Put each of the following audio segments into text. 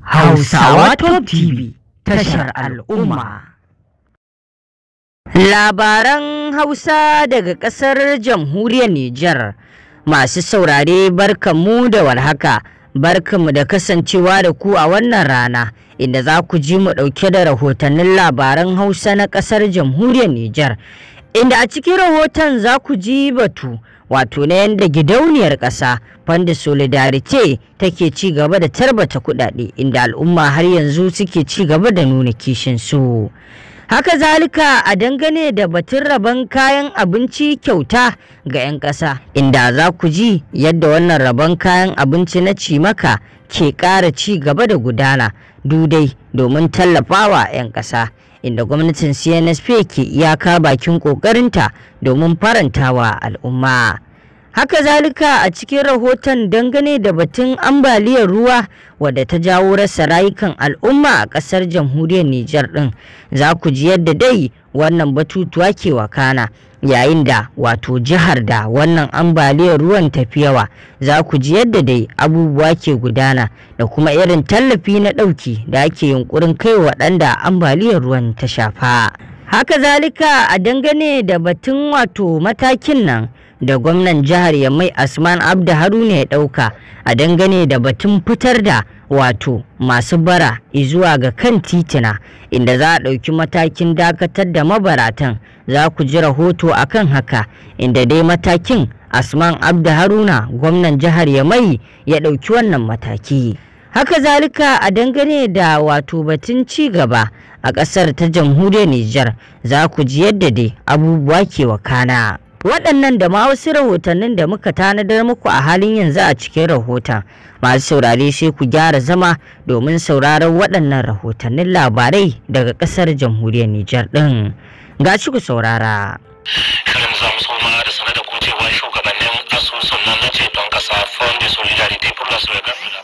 Hausawa Top TV tashar al'umma. Labaran Hausa daga ƙasar jamhuriyar Nijar masu saurare "Barka mu da warhaka. mu da kasancewa da ku a wannan rana inda za ku ji mu ɗauke da rahotannin labaran Hausa na ƙasar jamhuriyar Nijar. Inda a cikin rahoton za ku ji batu wato na yadda gidauniyar ƙasa fanda solidarite take ci gaba da tarbata kuɗaɗe inda al'umma har yanzu suke ci gaba da nuna kishin su haka zalika a dangane da batun rabon kayan abinci kyauta ga 'yan ƙasa inda za ku ji yadda wannan rabon kayan abinci na cimaka ke ƙara ci gaba da gudana dudai domin tallafawa 'yan ƙasa inda gwamnatin CNSP ke iyaka bakin ƙoƙarinta domin farantawa al'umma. Haka zalika a cikin rahoton dangane da batun ambaliyar ruwa wadda ta jawo rasa rayukan al'umma a ƙasar jamhuriyar Nijar ɗin, za ku ji yadda dai wannan batutuwa ke wakana. yayin da wato jihar da wannan ambaliyar ruwan tafi yawa za ku ji yadda dai abubuwa ke gudana da kuma irin tallafi na ɗauki da ake yunkurin kai waɗanda ambaliyar ruwan ta shafa haka zalika a dangane da batun wato matakin nan da gwamnan jihar Yammai Asman Abda Haruna ya ɗauka a dangane da batun fitar da wato masu bara zuwa ga kan titina inda za a ɗauki matakin dakatar da mabaratan za ku ji rahoto a kan haka inda dai matakin Asman Abda Haruna gwamnan jihar Yammai ya ɗauki wannan mataki. haka zalika a dangane da wato batun ci gaba a ƙasar ta jamhuriyar Nijar za ku ji yadda dai abubuwa ke wakana. waɗannan da ma wasu rahotannin da muka tanadar maku a halin yanzu a cikin rahoton masu saurare sai ku gyara zama domin sauraron waɗannan rahotannin labarai daga ƙasar jamhuriyar nijar ɗin ga shi ku saurara shirin za mu soma da sanar da ku shugabannin asusun nan na ceton ƙasa fond de solidarité pour la sauvegarde de la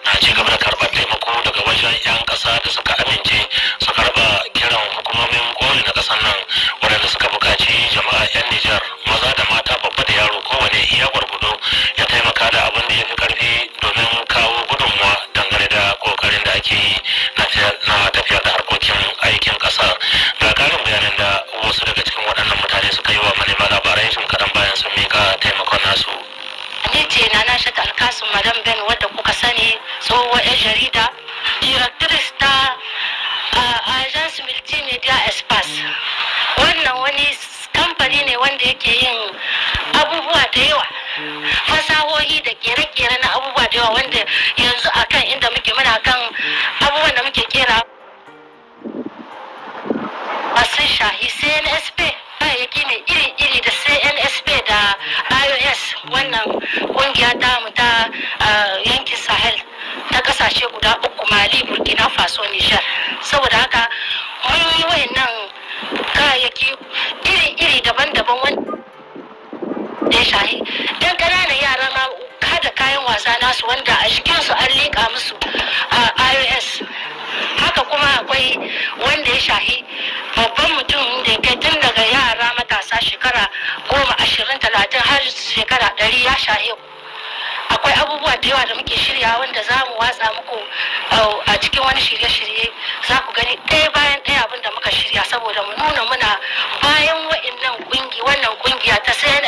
na ci gaba da karɓar taimako daga wajen 'yan ƙasa da suka amince su karɓa kiran hukumomin ƙoli na ƙasar nan ci jama'a 'yan Nijar maza da mata babba da yaro kowane iya gwargwado ya taimaka da abin da ya fi karfi ni sha saboda haka mun yi wayannan kayayyaki iri-iri daban-daban wanda ya shahi don ƙananan yara ma kada kayan wasa nasu wanda a su an liƙa musu a ios haka kuma akwai wanda ya shahi babban mutum da ya kai tun daga yara matasa shekara goma ashirin talatin har shekara ɗari ya shahi akwai abubuwa da yawa da muke shirya wanda za mu watsa muku a cikin wani shirye-shirye za ku gani ɗaya bayan ɗaya abin da muka shirya saboda mu nuna muna bayan wa'in nan wannan ƙungiya ta sayan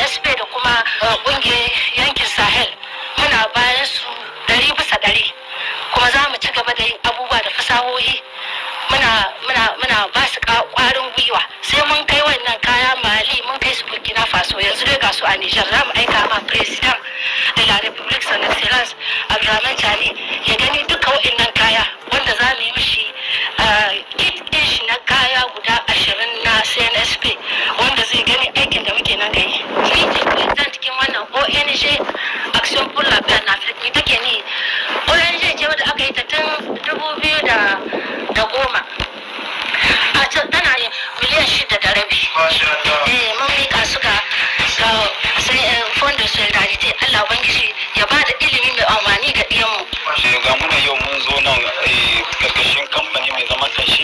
wannan eh, karkashin kamfani mai zaman kanshi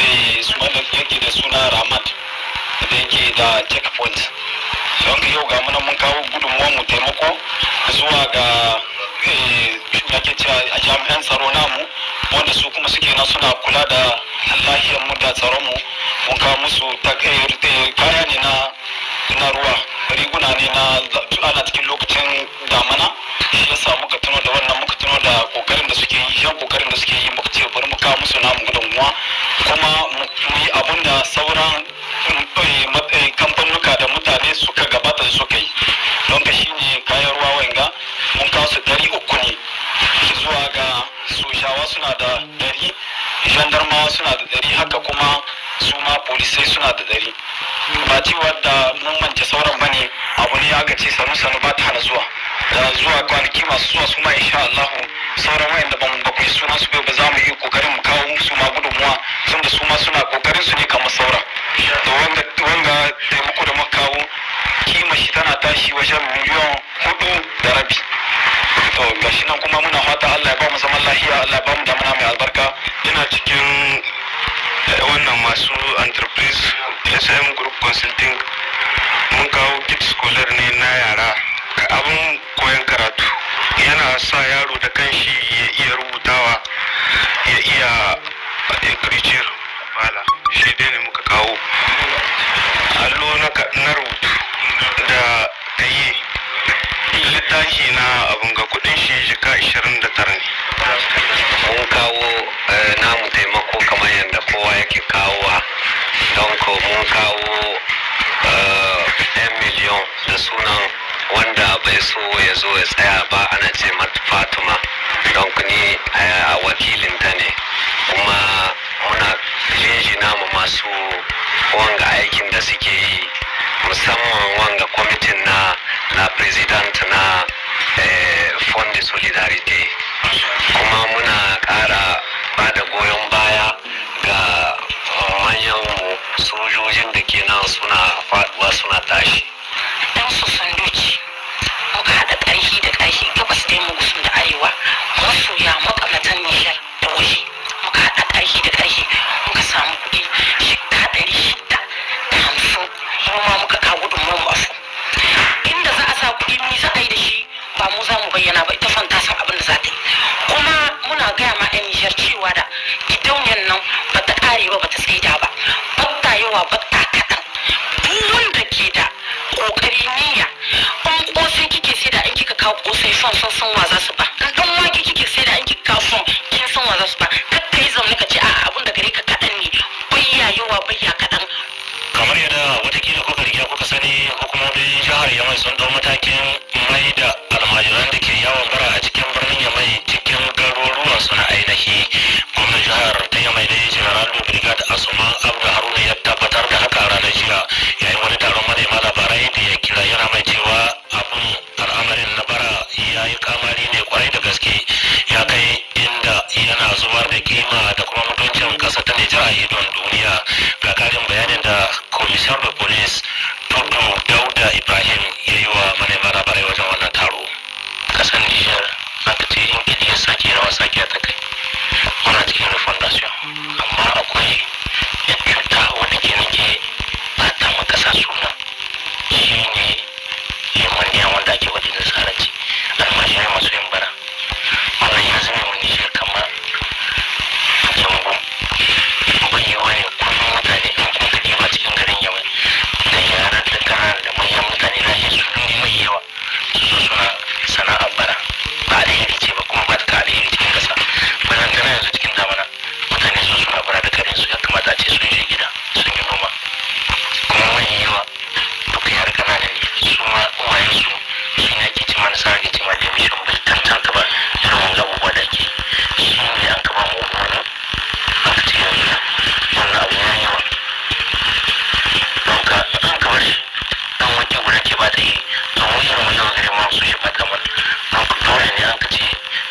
eh, wanda yake da suna ramat da yake da checkpoint don yau ga muna mun kawo gudunmuwa mu taimako zuwa ga yake eh, cewa a jami'an tsaro namu wanda su kuma suke na suna kula da lafiyar mu da tsaron mu mun kawo musu kaya ne na na ruwa riguna ne na ana cikin lokacin damana ya sa muka tuno da wannan muka tuno da kokarin da suke yi yan kokarin da suke yi muka ce bari mu kawo musu namu gudunmuwa kuma mu yi abun da sauran eh, eh, kamfanuka da mutane suka gabata da suka yi don ka shi ne kayan ruwa wanga mun kawo su dari uku ne zuwa ga soshawa suna da dari gendarmawa suna da dari haka kuma su ma polisai suna da dare ba cewa da mun manta sauran bane abu ne aka ce sanu sanu ba ta zuwa da zuwa kwanaki masu zuwa su ma insha Allah sauran wayan da ba ku yi suna su bai ba za mu yi kokarin mu kawo musu ma gudunmuwa tun da su ma suna kokarin su ne kamar sauran to wanda wanda taimako da muka kawo kima shi tana tashi wajen miliyan hudu da rabi to gashi nan kuma muna fata Allah ya ba mu zaman lahiya Allah ya ba mu damuna mai albarka ina cikin Eh, wannan masu entreprise sm group consulting mun kawo kit scholar ne na yara abin koyon karatu yana sa yaro da kanshi ya iya rubutawa ya iya kirjir wala shi dai ne muka kawo allo na rubutu da yi littafi na abin ga kudin shi jika 29 ne mun kawo eh, namu taimako kamar yadda kowa yake kawowa don ko mun kawo eh, 'yan miliyon da sunan wanda bai so ya zo ya tsaya ba ana ce fatima don ni eh, a ta ne kuma muna jinjina namu masu wanga aikin da suke yi musamman wanga kwamitin na na president na fondi solidarity kuma muna ƙara bada goyon baya ga uh, manyan sojojin da ke nan suna faduwa suna tashi dan su sanduci muka haɗa ƙarfi da ƙarfi gabas da mu gusun da arewa masoya makamatan nishar da waje muka haɗa ƙarfi da ƙarfi muka samu kuɗi shekka ɗari shida da hamsin kuma muka kawo gudunmuwan basu inda za a sa kuɗi ni za a yi da shi ba mu za mu bayyana ba ita fanta san abin da za ta cewa da gidauniyar nan ba ta kare ba ba ta saida ba bakta yawa bakta kaɗan duk wanda ke da ƙoƙari niyya in ƙosai kike sai da in kika kawo ƙosai son san san wa za su ba tsaye to muryar mu zai masu yi mata mana don ku ne an kace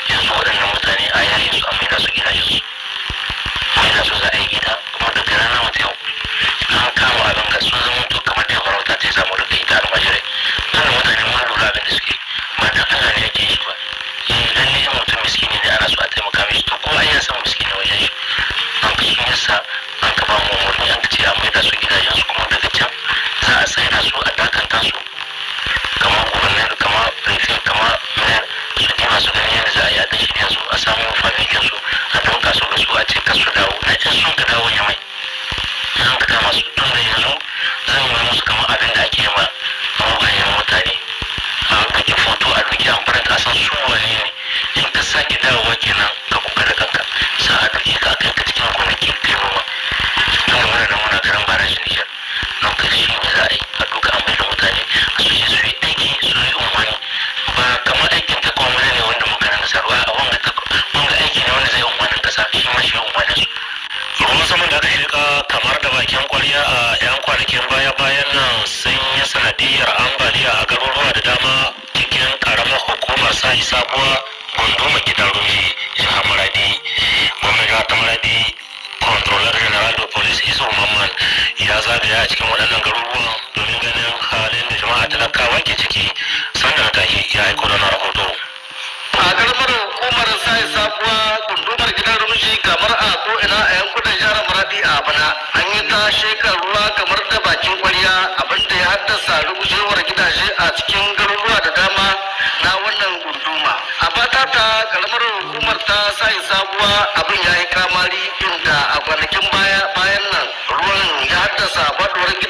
yanzu waɗannan mutane a yayin su a su gidajen su su za a yi sake dawowa kenan ka kuka da kanka sa a ɗauke ka kai ka cikin kwanakin girmama tun da muna nan muna karan bara shi nijar nan ka shi ne za a yi a duka an bai da mutane a su je su yi aiki su yi umarni ba kamar aikin ta kuma ne wanda muka nan kasar ba a wanga ta wanga aiki ne wanda zai yi umarnin kasa shi ma shi umarnin su ruwan saman da aka shirka kamar da bakin kwarya a yan kwanakin baya bayan nan sun yi sanadiyar ambaliya a garuruwa da dama cikin karamar hukumar sa sabuwa controller general da police isu mamman ya zagaya a cikin waɗannan garuruwa, domin ganin halin da jama'a talakawa ke ciki sannan tahi ya aiko da rahoto a karfar hukumar sai sabuwa gundumar gidan rumshi kamar a ko ina a yankunan jihar maradi a bana an yi ta shekar ruwa kamar ta bakin kwarya abinda ya haddasa rugujewar gidaje a cikin garuruwa da dama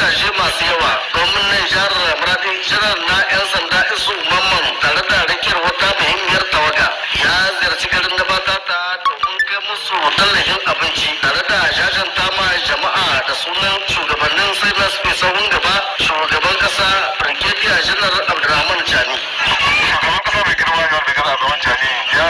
kasashe masu yawa domin nan jihar maradi jiran na 'yan sanda isu mamman tare da rikiyar wata muhimmiyar tawaga ya ziyarci garin gabata ta domin kai musu tallafin abinci tare da jajanta ma jama'a da sunan shugabannin sai na su sahun gaba shugaban kasa brigadier janar abdurrahman jani shugaban jani ya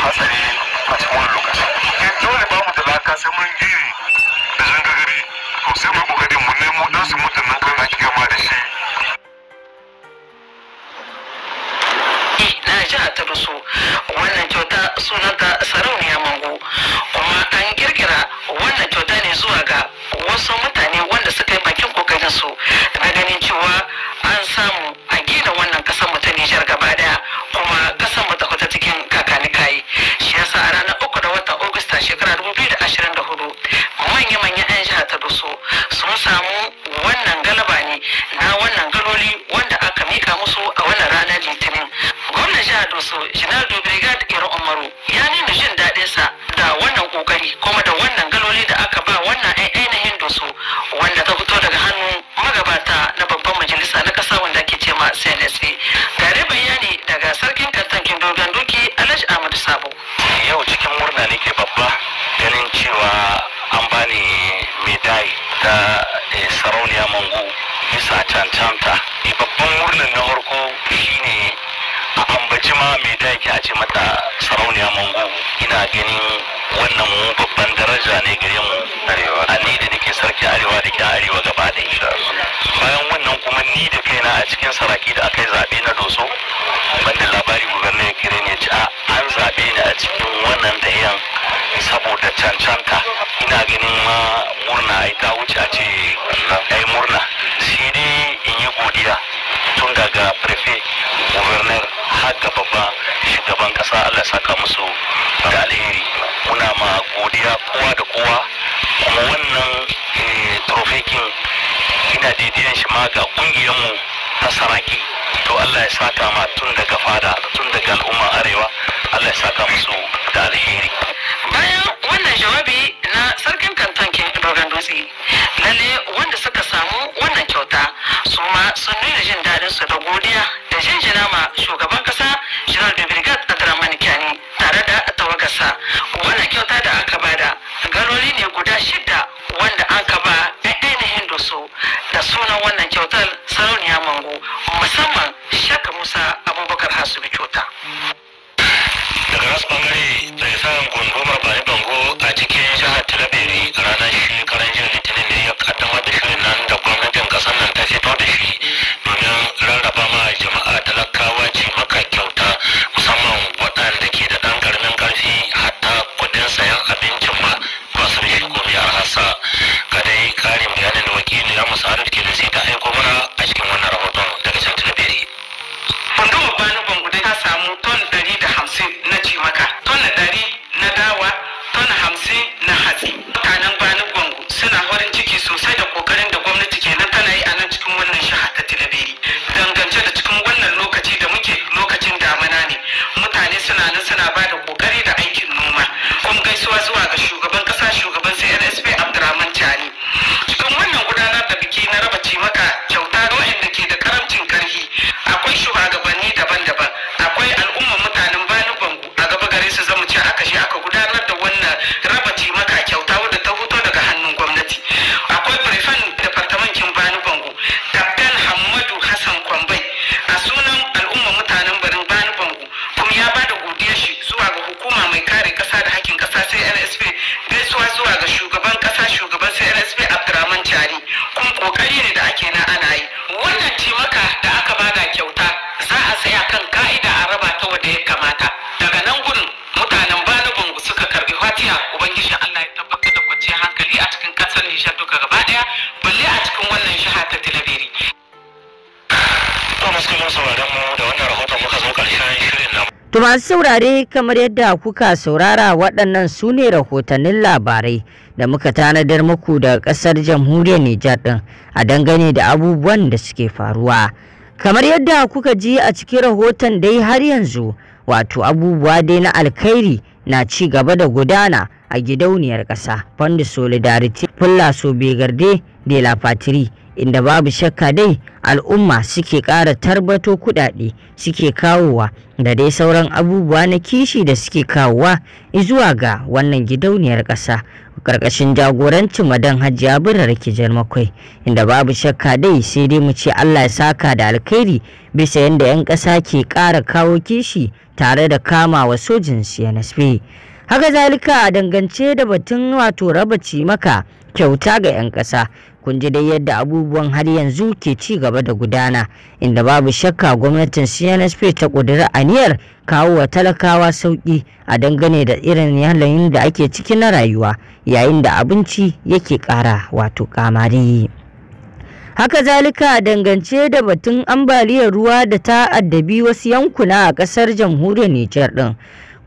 hatsari a cikin wani lokaci in dole ba mu da laka sai mun gini da zangagari to sai mu kokari mu nemo dan su mutum nan kan ake gama da shi na ji ta rusu wannan kyauta sunanta sarauniya mango kuma an kirkira wannan kyauta ne zuwa ga So general do brigade iro umaru ina gani wannan mu babban daraja ne gare mu a ni da nake sarki arewa da ke arewa gaba da bayan wannan kuma ni da kaina a cikin saraki da aka yi zaɓe na doso banda labari gubernar ya kire ne ci an zaɓe ni a cikin wannan da yan saboda cancanta ina ganin ma murna ai ta wuce a ce ai murna shi dai in yi godiya tun daga prefe governor har ga babba shugaban kasa allah saka musu da alheri muna ma godiya kowa da kowa kuma wannan trofekin eh, ina didiyan shi ma ga mu ta saraki to allah ya saka ma tun daga fada tun daga al'umma arewa allah ya saka musu da alheri bayan wannan jawabi na sarkin kanton dogon dutse lalle wanda suka samu wannan kyauta su ma sun nuna jin daɗin su da godiya da jinjina ma shugaban kasa general de brigade abdurrahman kyani tare da tawagarsa wannan kyauta da aka bada garori ne guda shida wanda an kaba na ainihin su da sunan wannan kyautar sarauniya mango musamman shaka musa abubakar bi kyauta daga nasu bangare da ya sa gundumar bayan pessoa zoada, Xuga. kokari ne da ake na ana yi wannan taimaka da aka bada kyauta za a tsaya kan ka'ida a raba ta wadda ya kamata daga nan gudun mutanen bungu suka karbi fatiha ubangijin allah ya tabbatar da kwanciyar hankali a cikin kasar nishar duka gaba daya balle a cikin wannan shaha ta tilabiri To masu saurare kamar yadda kuka saurara waɗannan su ne rahotannin labarai da muka tanadar muku daga kasar jamhuriyar Nijar din a dangane da abubuwan da suke faruwa. Kamar yadda kuka ji a cikin rahoton dai har yanzu wato abubuwa dai na alkhairi na ci gaba da gudana a gidauniyar ƙasa Fund Solidarity Fulla Sobegarde de la Patrie inda babu shakka dai al'umma suke ƙara tarbato kuɗaɗe suke kawowa da dai sauran abubuwa na kishi da suke kawowa zuwa ga wannan gidauniyar ƙasa ƙarƙashin jagorancin madan hajiya birar rike jarmakwai inda babu shakka dai sai dai mu ce allah ya saka da alkhairi bisa yadda 'yan ƙasa ke ƙara kawo kishi tare da kama wa sojin cnsp haka zalika a dangance da batun wato raba cimaka kyauta ga 'yan ƙasa kun ji dai yadda abubuwan har yanzu ke ci gaba da gudana inda babu shakka gwamnatin cnsp ta ƙudiri aniyar kawo wa talakawa sauƙi a dangane da irin yanayin da ake ciki na rayuwa yayin da abinci yake ƙara wato kamari haka zalika dangance da batun ambaliyar ruwa da ta addabi wasu yankuna a ƙasar jamhuriyar nijar ɗin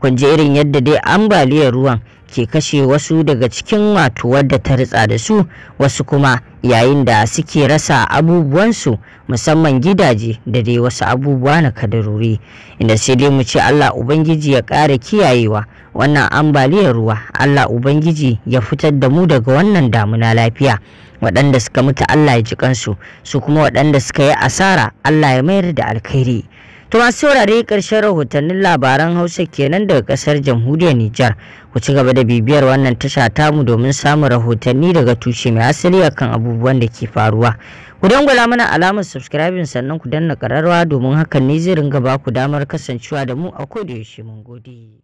kun ji irin yadda dai ambaliyar ruwan ke kashe wasu daga cikin wato wadda ta ritsa da su wasu kuma yayin da suke rasa abubuwansu musamman gidaje da dai wasu abubuwa na kadarori inda sai dai mu ce Allah Ubangiji ya ƙara kiyayewa wannan ambaliyar ruwa Allah Ubangiji ya fitar da mu daga wannan damuna lafiya waɗanda suka mutu Allah ya ji kansu su kuma waɗanda suka yi asara Allah ya mayar da alkhairi To masu saurare ƙarshen rahotannin labaran Hausa kenan daga ƙasar jamhuriyar Nijar. Ku ci gaba da bibiyar wannan tasha tamu domin samun rahotanni daga tushe mai asali akan abubuwan da ke faruwa. Ku dangwala mana alamar subscribing sannan ku danna ƙararrawa domin hakan ne zai ringa ba ku damar kasancewa da mu a kodayaushe mun gode.